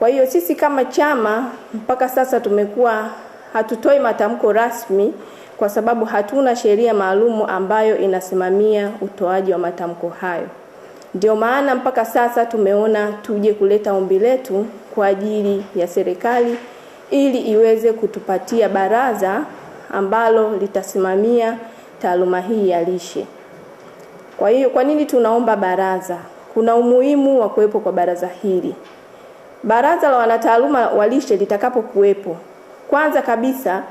Kwa hiyo sisi kama chama mpaka sasa tumekuwa hatutoi matamko rasmi kwa sababu hatuna sheria maalumu ambayo inasimamia utoaji wa matamko hayo. Ndio maana mpaka sasa tumeona tuje kuleta ombi letu kwa ajili ya serikali ili iweze kutupatia baraza ambalo litasimamia taaluma hii ya lishe. Kwa hiyo, kwa nini tunaomba baraza? Kuna umuhimu wa kuwepo kwa baraza hili. Baraza la wanataaluma wa lishe litakapokuwepo, kwanza kabisa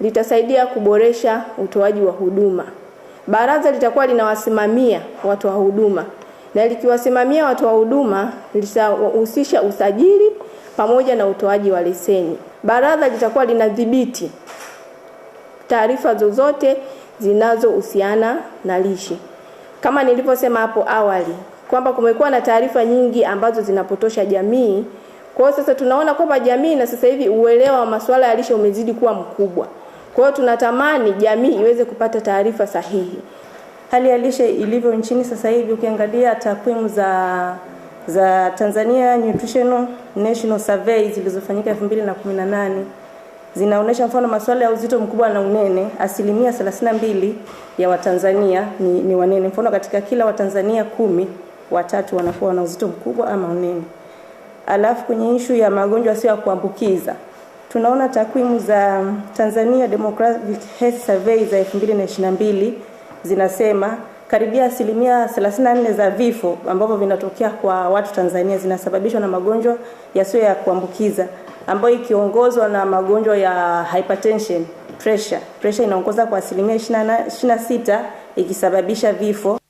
litasaidia kuboresha utoaji wa huduma. Baraza litakuwa linawasimamia watoa wa huduma na likiwasimamia watoa wa huduma litahusisha usajili pamoja na utoaji wa leseni. Baraza litakuwa linadhibiti taarifa zozote zinazohusiana na lishe. Kama nilivyosema hapo awali kwamba kumekuwa na taarifa nyingi ambazo zinapotosha jamii. Kwa hiyo sasa tunaona kwamba jamii na sasa hivi uelewa wa masuala ya lishe umezidi kuwa mkubwa. Kwa hiyo tunatamani jamii iweze kupata taarifa sahihi. Hali ya lishe ilivyo nchini sasa hivi, ukiangalia takwimu za za Tanzania Nutritional National Survey zilizofanyika 2018 zinaonyesha mfano masuala ya uzito mkubwa na unene, asilimia 32 ya Watanzania ni, ni wanene. Mfano katika kila Watanzania kumi watatu wanakuwa na uzito mkubwa ama unene. Alafu kwenye ishu ya magonjwa sio ya kuambukiza, tunaona takwimu za Tanzania democratic Health Survey za 2022 zinasema karibia asilimia 34 za vifo ambavyo vinatokea kwa watu Tanzania zinasababishwa na magonjwa yasiyo ya kuambukiza ambayo ikiongozwa na magonjwa ya hypertension pressure. Pressure inaongoza kwa asilimia 26 ikisababisha vifo.